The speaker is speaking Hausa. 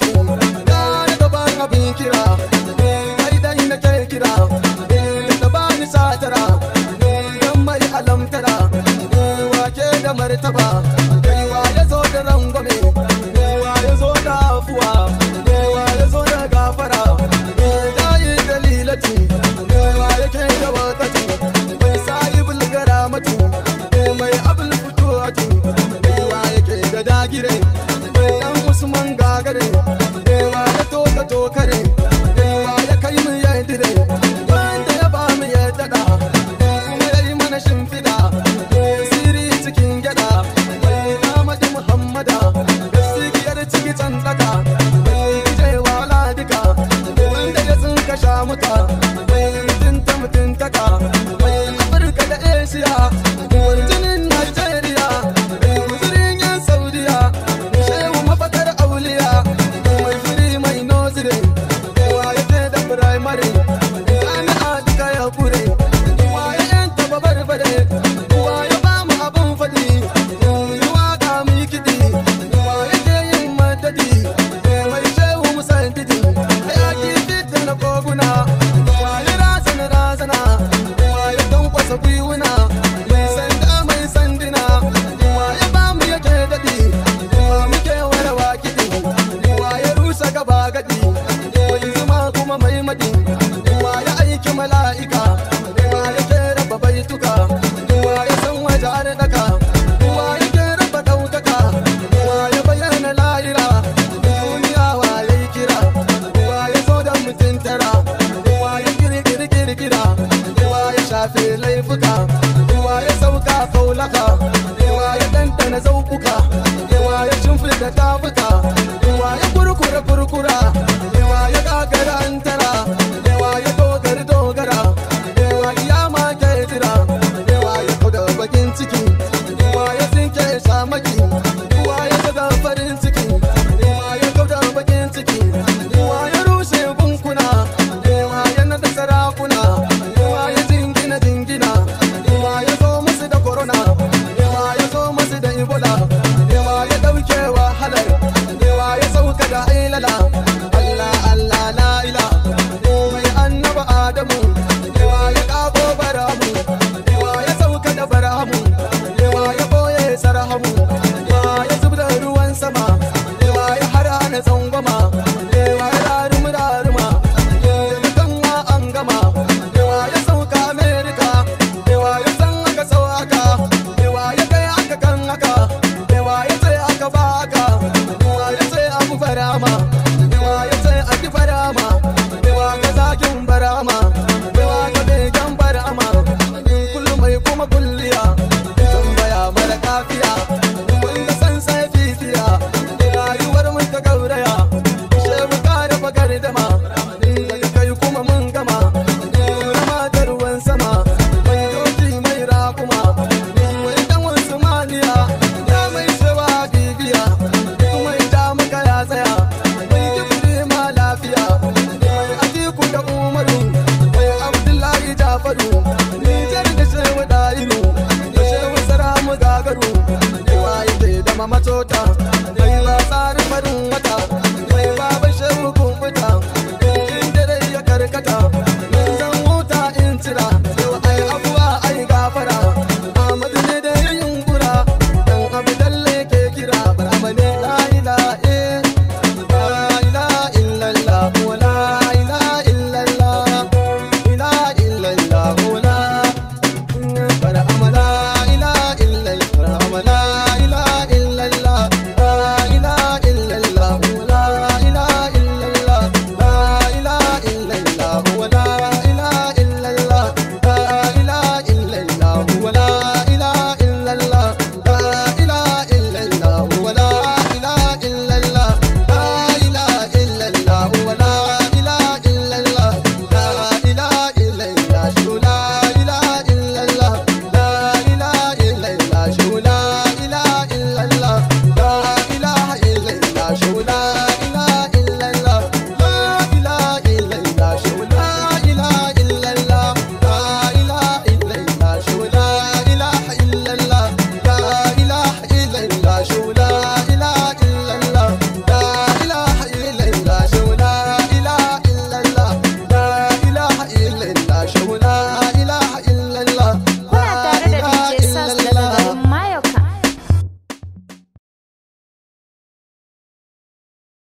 lokaci gane da ban abin kira kai dai na ke kira da bani satara dan mai alamtara wake da martaba feel yafe laifuka otra. Show it up.